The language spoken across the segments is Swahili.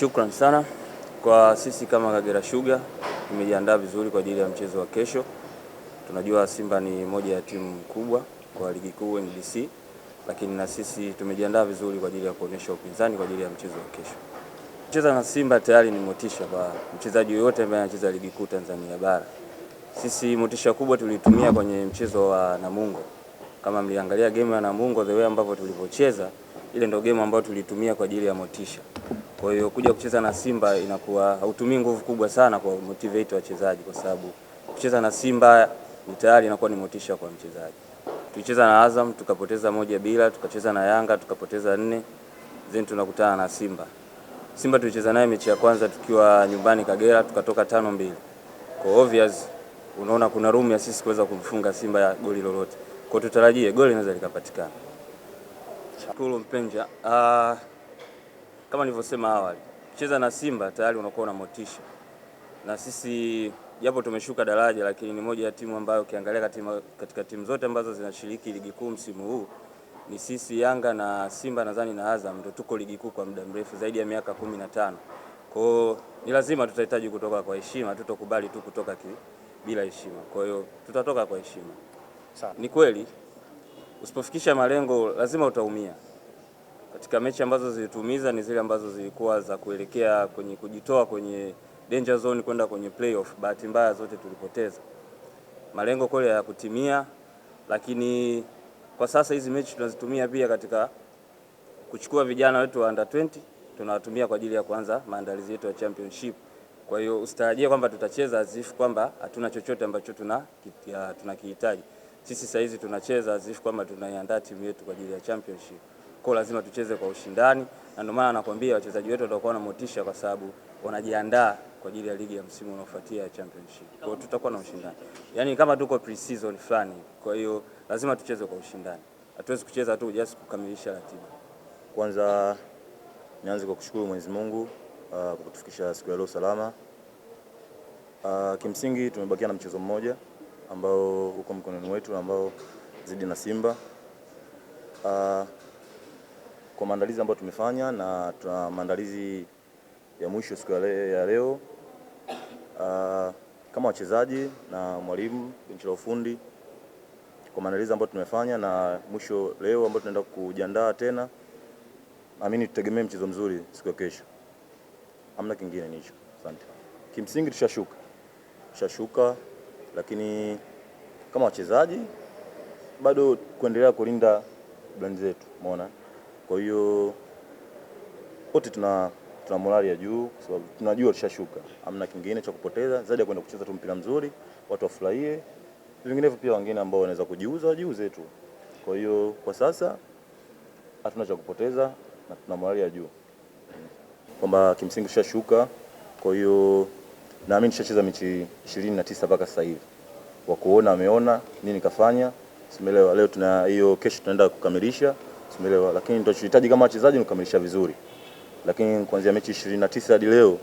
shukrani sana kwa sisi kama Kagera Sugar tumejiandaa vizuri kwa ajili ya mchezo wa kesho. Tunajua Simba ni moja ya timu kubwa kwa ligi kuu NBC, lakini na sisi tumejiandaa vizuri kwa ajili ya kuonyesha upinzani kwa ajili ya mchezo wa kesho. Kucheza na Simba tayari ni motisha kwa mchezaji yoyote ambaye anacheza ligi kuu Tanzania bara. Sisi motisha kubwa tulitumia kwenye mchezo wa Namungo. Kama mliangalia game ya Namungo, the way ambavyo tulivyocheza, ile ndio game ambayo tulitumia kwa ajili ya motisha. Kwa hiyo kuja kucheza na Simba inakuwa hautumii nguvu kubwa sana kwa motivate wachezaji, kwa sababu kucheza na Simba ni tayari inakuwa ni motisha kwa mchezaji. Tulicheza na Azam tukapoteza moja bila, tukacheza na Yanga tukapoteza nne, then tunakutana na Simba. Simba tulicheza naye mechi ya kwanza tukiwa nyumbani Kagera, tukatoka tano mbili. Kwa obvious unaona kuna room ya sisi kuweza kumfunga Simba ya goli lolote. Kwa tutarajie goli linaweza likapatikana. Shukuru Mpenja. Uh, kama nilivyosema awali, cheza na Simba tayari unakuwa una motisha, na sisi japo tumeshuka daraja, lakini ni moja ya timu ambayo ukiangalia katika, katika timu zote ambazo zinashiriki ligi kuu msimu huu ni sisi Yanga na Simba nadhani na Azam ndio tuko ligi kuu kwa muda mrefu zaidi ya miaka kumi na tano. Kwa hiyo ni lazima tutahitaji kutoka kwa heshima, tutokubali tu kutoka ki, bila heshima. Kwa hiyo tutatoka kwa heshima. Ni kweli usipofikisha malengo lazima utaumia. Katika mechi ambazo zilitumiza ni zile ambazo zilikuwa za kuelekea kwenye kujitoa kwenye danger zone kwenda kwenye playoff. Bahati mbaya zote tulipoteza, malengo kweli hayakutimia, lakini kwa sasa hizi mechi tunazitumia pia katika kuchukua vijana wetu wa under 20 tunawatumia kwa ajili ya kuanza maandalizi yetu ya championship. Kwa hiyo usitarajie kwamba tutacheza azifu kwamba hatuna chochote ambacho uh, tunakihitaji. Tuna sisi sasa hizi tunacheza azifu kwamba tunaiandaa timu yetu kwa ajili ya championship kwa lazima tucheze kwa ushindani, na ndio maana nakwambia wachezaji wetu watakuwa na motisha kwa sababu wanajiandaa kwa ajili ya ligi ya msimu unaofuatia ya championship. Kwa hiyo tutakuwa na ushindani, yaani kama tuko pre-season fulani. Kwa hiyo lazima tucheze kwa ushindani, hatuwezi kucheza tu just kukamilisha ratiba. Kwanza nianze kwa kushukuru Mwenyezi Mungu uh, kwa kutufikisha siku ya leo salama. Uh, kimsingi tumebakia na mchezo mmoja ambao uko mkononi wetu ambao zidi na Simba uh, kwa maandalizi ambayo tumefanya na tuna maandalizi ya mwisho siku ya leo uh, kama wachezaji na mwalimu benchi la ufundi kwa maandalizi ambayo tumefanya na mwisho leo ambayo tunaenda kujiandaa tena, naamini tutegemee mchezo mzuri siku ya kesho. Hamna kingine nicho. Asante. Kimsingi tushashuka, tushashuka, lakini kama wachezaji bado kuendelea kulinda brand zetu, umeona kwa hiyo wote tuna tuna morali ya juu kwa sababu tunajua tushashuka, hamna kingine cha kupoteza zaidi ya kwenda kucheza tu mpira mzuri, watu wafurahie. Vinginevyo pia wengine ambao wanaweza kujiuza wajiuze tu. Kwa hiyo kwa sasa hatuna cha kupoteza na tuna morali ya juu kwamba kimsingi tushashuka. Kwa hiyo naamini tushacheza mechi ishirini na tisa mpaka sasa hivi, wa kuona ameona nini kafanya, simelewa. Leo tuna hiyo, kesho tunaenda kukamilisha umeelewa. Lakini tunachohitaji kama wachezaji ni kukamilisha vizuri, lakini kuanzia mechi 29 hadi leo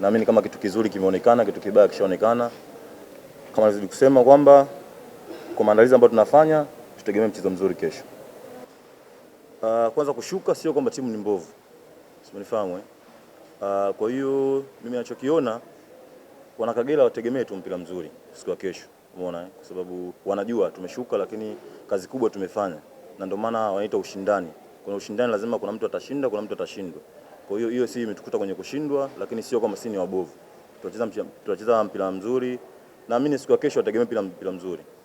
naamini kama kitu kizuri kimeonekana, kitu kibaya kishaonekana. Kama nazidi kusema kwamba kwa maandalizi ambayo tunafanya tutegemee mchezo mzuri kesho. Uh, kwanza kushuka sio kwamba timu ni mbovu, simenifahamu eh? Uh, kwa hiyo mimi nachokiona wana Kagera wategemee tu mpira mzuri siku ya kesho, umeona eh? Kwa sababu wanajua tumeshuka, lakini kazi kubwa tumefanya na ndio maana wanaita ushindani. Kuna ushindani, lazima kuna mtu atashinda, kuna mtu atashindwa. Kwa hiyo hiyo si imetukuta kwenye kushindwa, lakini sio kama si ni wabovu. Tunacheza mpira mzuri, naamini siku ya kesho wategemea mpira mzuri.